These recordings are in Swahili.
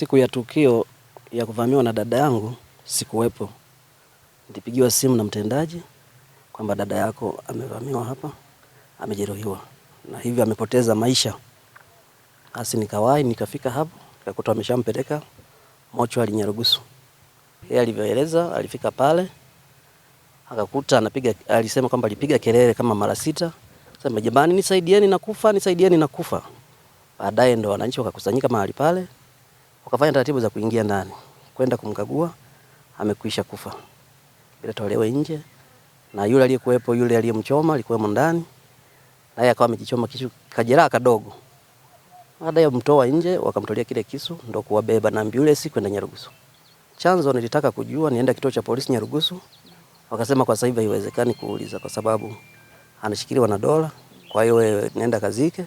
Siku ya tukio ya kuvamiwa na dada yangu sikuwepo. Nilipigiwa simu na mtendaji kwamba dada yako amevamiwa hapa, amejeruhiwa na hivyo amepoteza maisha. Basi nikawahi nikafika hapo, nikakuta ameshampeleka mochwari Nyarugusu. Yeye alivyoeleza, alifika pale akakuta anapiga, alisema kwamba alipiga kelele kama mara sita, sema jamani, nisaidieni nakufa, nisaidieni nakufa. Baadaye ndo wananchi wakakusanyika mahali pale Wakafanya taratibu za kuingia ndani kwenda kumkagua, amekwisha kufa, bila ilitolewa nje, na yule aliyekuwepo, yule aliyemchoma alikuwemo ndani, naye akawa amejichoma kisu kajeraha kadogo. Baada ya mtoa nje, wakamtolea kile kisu, ndo kuwabeba na ambulance kwenda Nyarugusu. Chanzo nilitaka kujua nienda kituo cha polisi Nyarugusu, wakasema kwa sasa haiwezekani kuuliza kwa sababu anashikiliwa na dola. Kwa hiyo nenda kazike,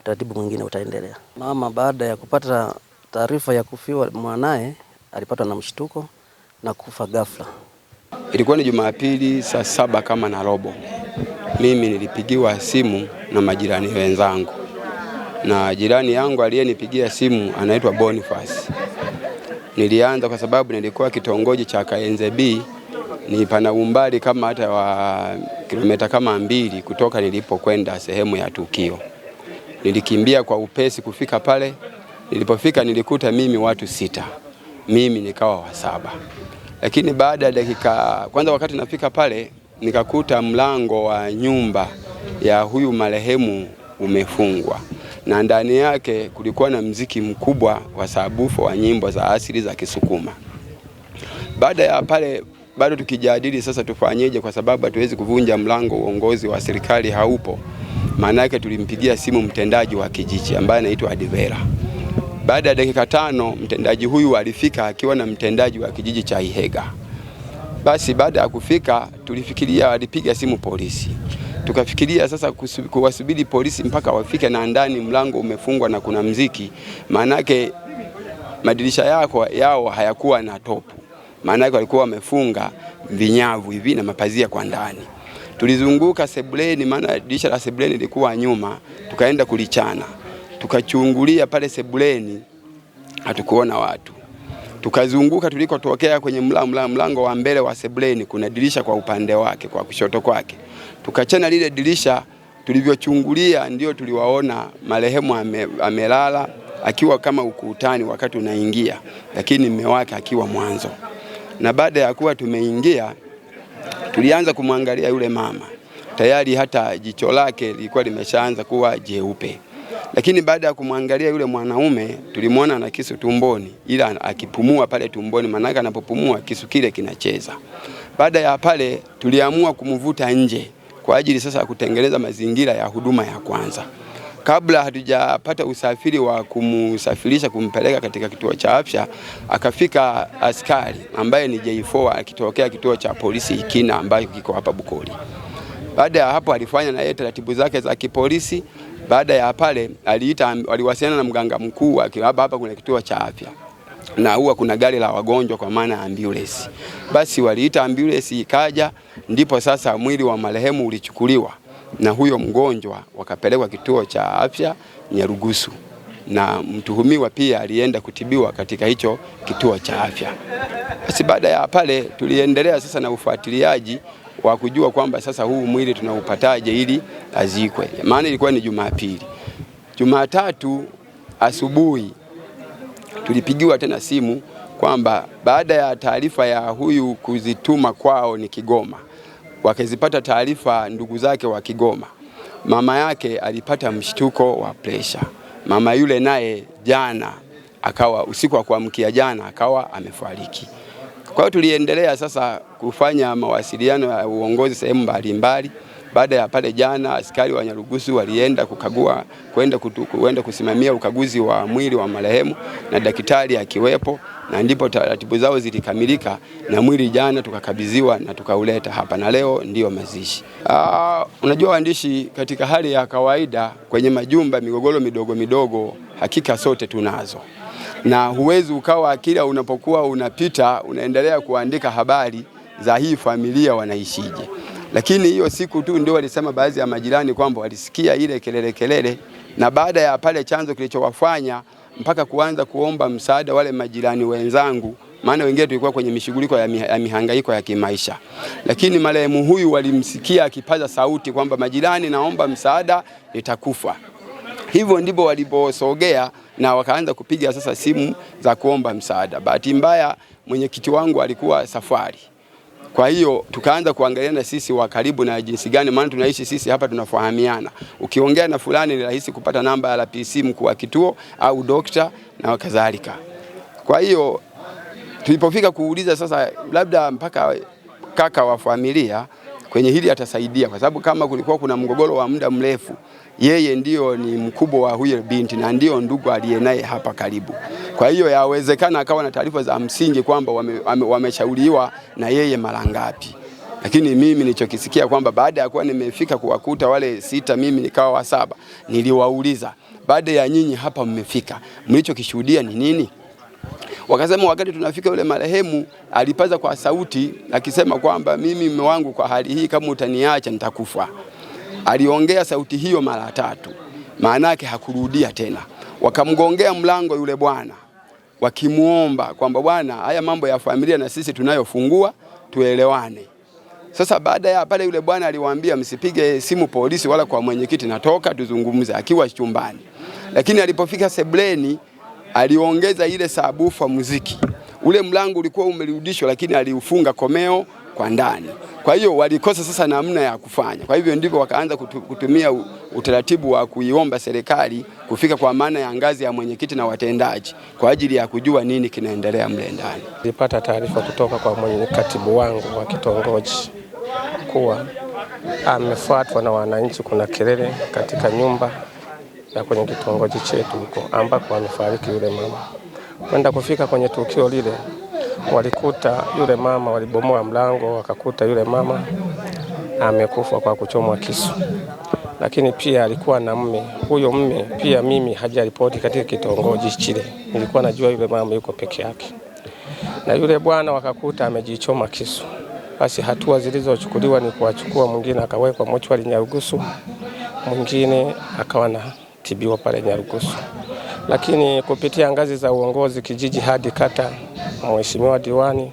utaratibu mwingine utaendelea. Mama baada ya kupata Taarifa ya kufiwa mwanaye alipatwa na mshtuko na kufa ghafla. Ilikuwa ni Jumapili saa saba kama na robo. Mimi nilipigiwa simu na majirani wenzangu, na jirani yangu aliyenipigia simu anaitwa Boniface. Nilianza kwa sababu nilikuwa kitongoji cha Kaenze B, ni pana umbali kama hata wa kilomita kama mbili kutoka nilipokwenda sehemu ya tukio. Nilikimbia kwa upesi kufika pale Nilipofika nilikuta mimi watu sita, mimi nikawa wa saba. Lakini baada ya dakika kwanza, wakati nafika pale nikakuta mlango wa nyumba ya huyu marehemu umefungwa na ndani yake kulikuwa na mziki mkubwa wa sabufu wa nyimbo za asili za Kisukuma. Baada ya pale bado tukijadili sasa tufanyeje, kwa sababu hatuwezi kuvunja mlango, uongozi wa serikali haupo. Maana yake tulimpigia simu mtendaji wa kijiji ambaye anaitwa Adivera. Baada ya dakika tano mtendaji huyu alifika akiwa na mtendaji wa kijiji cha Ihega. Basi baada ya kufika, tulifikiria alipiga simu polisi, tukafikiria sasa kuwasubiri polisi mpaka wafike, na ndani mlango umefungwa na kuna mziki, maanake madirisha yako yao hayakuwa na topu, maanake walikuwa wamefunga vinyavu hivi na mapazia kwa ndani. Tulizunguka sebuleni, maana dirisha la sebuleni lilikuwa nyuma, tukaenda kulichana tukachungulia pale sebuleni, hatukuona watu. Tukazunguka tulikotokea kwenye mlango, mlango wa mbele wa sebuleni kuna dirisha kwa upande wake, kwa kushoto kwake, tukachana lile dirisha. Tulivyochungulia ndio tuliwaona marehemu ame, amelala akiwa kama ukutani wakati unaingia, lakini mume wake akiwa mwanzo. Na baada ya kuwa tumeingia, tulianza kumwangalia yule mama, tayari hata jicho lake lilikuwa limeshaanza kuwa jeupe. Lakini baada ya kumwangalia yule mwanaume tulimwona na kisu tumboni, ila akipumua pale tumboni, maanake anapopumua kisu kile kinacheza. Baada ya pale tuliamua kumvuta nje kwa ajili sasa ya kutengeneza mazingira ya huduma ya kwanza. Kabla hatujapata usafiri wa kumsafirisha kumpeleka katika kituo cha afya, akafika askari ambaye ni J4 akitokea kituo cha polisi Ikina ambayo kiko hapa Bukoli. Baada ya hapo alifanya naye taratibu zake za kipolisi. Baada ya pale aliita, aliwasiliana na mganga mkuu hapa hapa kuna kituo cha afya na huwa kuna gari la wagonjwa kwa maana ya ambulance. Basi waliita ambulance ikaja, ndipo sasa mwili wa marehemu ulichukuliwa na huyo mgonjwa wakapelekwa kituo cha afya Nyarugusu, na mtuhumiwa pia alienda kutibiwa katika hicho kituo cha afya. Basi baada ya pale tuliendelea sasa na ufuatiliaji wa kujua kwamba sasa huu mwili tunaupataje ili azikwe. Maana ilikuwa ni Jumapili. Jumatatu asubuhi tulipigiwa tena simu kwamba baada ya taarifa ya huyu kuzituma kwao ni Kigoma, wakizipata taarifa ndugu zake wa Kigoma, mama yake alipata mshtuko wa presha. Mama yule naye jana akawa usiku wa kuamkia jana akawa amefariki. Kwa hiyo tuliendelea sasa kufanya mawasiliano ya uongozi sehemu mbalimbali. Baada ya pale jana, askari wa Nyarugusu walienda kukagua kwenda kuenda kusimamia ukaguzi wa mwili wa marehemu na daktari akiwepo, na ndipo taratibu zao zilikamilika, na mwili jana tukakabidhiwa na tukauleta hapa na leo ndiyo mazishi. Ah, unajua waandishi, katika hali ya kawaida kwenye majumba, migogoro midogo midogo hakika sote tunazo na huwezi ukawa kila unapokuwa unapita unaendelea kuandika habari za hii familia wanaishije. Lakini hiyo siku tu ndio walisema baadhi ya majirani kwamba walisikia ile kelele kelele, na baada ya pale chanzo kilichowafanya mpaka kuanza kuomba msaada wale majirani wenzangu, maana wengine tulikuwa kwenye mishughuliko ya mihangaiko ya kimaisha, lakini marehemu huyu walimsikia akipaza sauti kwamba majirani, naomba msaada, nitakufa. Hivyo ndipo waliposogea na wakaanza kupiga sasa simu za kuomba msaada. Bahati mbaya mwenyekiti wangu alikuwa safari, kwa hiyo tukaanza kuangaliana sisi wa karibu na jinsi gani, maana tunaishi sisi hapa, tunafahamiana. Ukiongea na fulani ni rahisi kupata namba ya pc mkuu wa kituo au dokta na kadhalika. Kwa hiyo tulipofika kuuliza sasa, labda mpaka kaka wa familia kwenye hili atasaidia, kwa sababu kama kulikuwa kuna mgogoro wa muda mrefu yeye ndiyo ni mkubwa wa huyo binti na ndiyo ndugu aliye naye hapa karibu. Kwa hiyo yawezekana akawa na taarifa za msingi kwamba wameshauriwa wame na yeye mara ngapi, lakini mimi nilichokisikia kwamba baada ya kuwa nimefika kuwakuta wale sita, mimi nikawa wa saba, niliwauliza baada ya nyinyi hapa mmefika, mlichokishuhudia ni nini? Wakasema wakati tunafika yule marehemu alipaza kwa sauti akisema kwamba mimi mume wangu, kwa hali hii, kama utaniacha nitakufa aliongea sauti hiyo mara tatu, maana yake hakurudia tena. Wakamgongea mlango yule bwana, wakimuomba kwamba bwana, haya mambo ya familia na sisi tunayofungua tuelewane. Sasa baada ya pale, yule bwana aliwaambia msipige simu polisi wala kwa mwenyekiti, natoka tuzungumze, akiwa chumbani. Lakini alipofika sebleni, aliongeza ile sabufa muziki. Ule mlango ulikuwa umerudishwa, lakini aliufunga komeo kwa ndani. Kwa hiyo walikosa sasa namna ya kufanya, kwa hivyo ndivyo wakaanza kutumia utaratibu wa kuiomba serikali kufika kwa maana ya ngazi ya mwenyekiti na watendaji kwa ajili ya kujua nini kinaendelea mle ndani. Nilipata taarifa kutoka kwa mwenye katibu wangu wa kitongoji kuwa amefuatwa na wananchi, kuna kelele katika nyumba ya kwenye kitongoji chetu huko ambako amefariki yule mama. Kwenda kufika kwenye tukio lile walikuta yule mama, walibomoa mlango wakakuta yule mama amekufa kwa kuchomwa kisu, lakini pia alikuwa na mme. Huyo mme pia mimi hajaripoti katika kitongoji chile, nilikuwa najua yule mama yuko peke yake, na yule bwana wakakuta amejichoma kisu. Basi hatua zilizochukuliwa ni kuwachukua, mwingine akawekwa mochwari Nyarugusu, mwingine akawa na tibiwa pale Nyarugusu lakini kupitia ngazi za uongozi kijiji hadi kata, mheshimiwa diwani,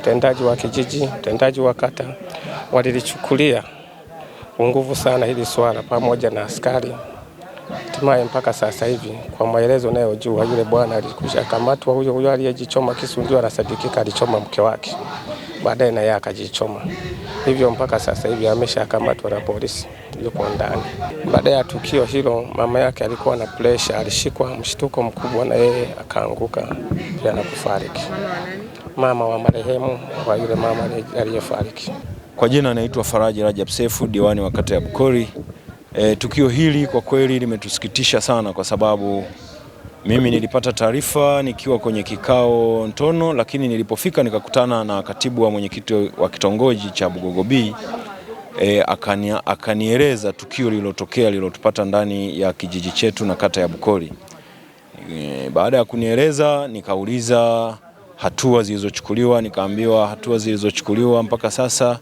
mtendaji wa kijiji, mtendaji wa kata walilichukulia nguvu sana hili swala, pamoja na askari. Hatimaye mpaka sasa hivi, kwa maelezo nayojua, yule bwana alikusha huyo huyo aliyejichoma kisu ndio anasadikika alichoma mke wake baadaye na yeye akajichoma, hivyo mpaka sasa hivi ameshakamatwa na polisi, yuko ndani. Baada ya tukio hilo, mama yake alikuwa na presha, alishikwa mshtuko mkubwa na yeye akaanguka na kufariki, mama wa marehemu wa yule mama aliyefariki. Kwa jina anaitwa Faraji Rajab Sefu, diwani wa kata ya Bukori. E, eh, tukio hili kwa kweli limetusikitisha sana kwa sababu mimi nilipata taarifa nikiwa kwenye kikao Ntono, lakini nilipofika nikakutana na katibu wa mwenyekiti wa kitongoji cha Bugogo B e, akani, akanieleza tukio lililotokea lililotupata ndani ya kijiji chetu na kata ya Bukoli. E, baada ya kunieleza nikauliza hatua zilizochukuliwa, nikaambiwa hatua zilizochukuliwa mpaka sasa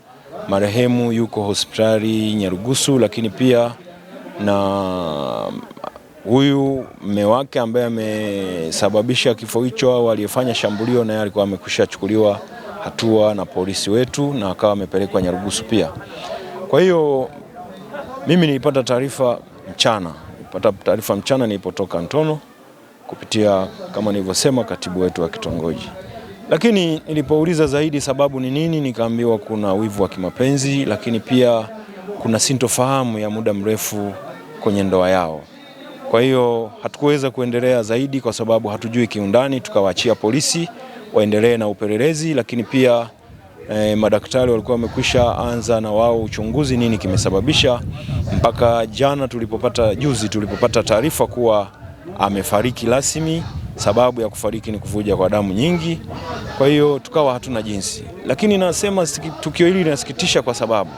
marehemu yuko hospitali Nyarugusu, lakini pia na huyu mme wake ambaye amesababisha kifo hicho au aliyefanya shambulio naye alikuwa amekushachukuliwa hatua na polisi wetu na akawa amepelekwa Nyarugusu pia. Kwa hiyo mimi nilipata taarifa mchana, nilipata taarifa mchana nilipotoka Ntono kupitia kama nilivyosema katibu wetu wa kitongoji, lakini nilipouliza zaidi sababu ni nini, nikaambiwa kuna wivu wa kimapenzi, lakini pia kuna sintofahamu ya muda mrefu kwenye ndoa yao. Kwa hiyo hatukuweza kuendelea zaidi kwa sababu hatujui kiundani, tukawaachia polisi waendelee na upelelezi, lakini pia eh, madaktari walikuwa wamekwisha anza na wao uchunguzi nini kimesababisha, mpaka jana tulipopata, juzi tulipopata taarifa kuwa amefariki rasmi. Sababu ya kufariki ni kuvuja kwa damu nyingi, kwa hiyo tukawa hatuna jinsi. Lakini nasema tukio hili linasikitisha kwa sababu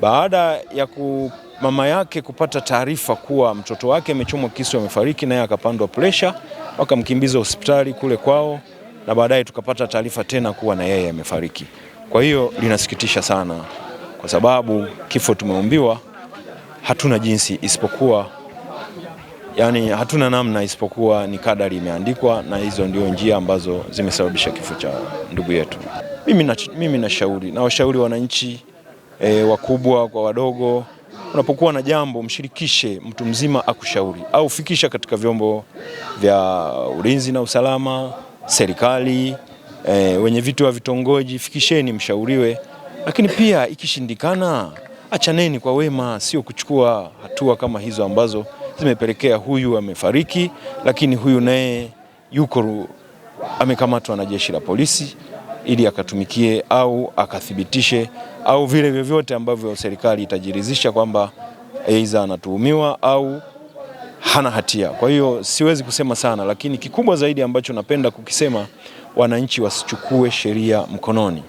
baada ya ku mama yake kupata taarifa kuwa mtoto wake amechomwa kisu amefariki, naye akapandwa presha, wakamkimbiza hospitali kule kwao, na baadaye tukapata taarifa tena kuwa na yeye amefariki. Kwa hiyo linasikitisha sana, kwa sababu kifo tumeumbiwa, hatuna jinsi isipokuwa, yani hatuna namna isipokuwa ni kadari imeandikwa, na hizo ndio njia ambazo zimesababisha kifo cha ndugu yetu. Mimi nashauri na washauri wananchi e, wakubwa kwa wadogo unapokuwa na jambo mshirikishe mtu mzima akushauri au fikisha katika vyombo vya ulinzi na usalama, serikali, e, wenye vitu wa vitongoji, fikisheni mshauriwe. Lakini pia ikishindikana, achaneni kwa wema, sio kuchukua hatua kama hizo ambazo zimepelekea huyu amefariki, lakini huyu naye yuko amekamatwa na jeshi la polisi ili akatumikie au akathibitishe au vile vyovyote ambavyo serikali itajiridhisha kwamba aidha anatuhumiwa au hana hatia. Kwa hiyo siwezi kusema sana, lakini kikubwa zaidi ambacho napenda kukisema, wananchi wasichukue sheria mkononi.